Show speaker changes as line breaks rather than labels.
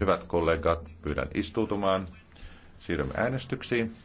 Hyvät kollegat, pyydän istuutumaan. Siirrymme äänestyksiin.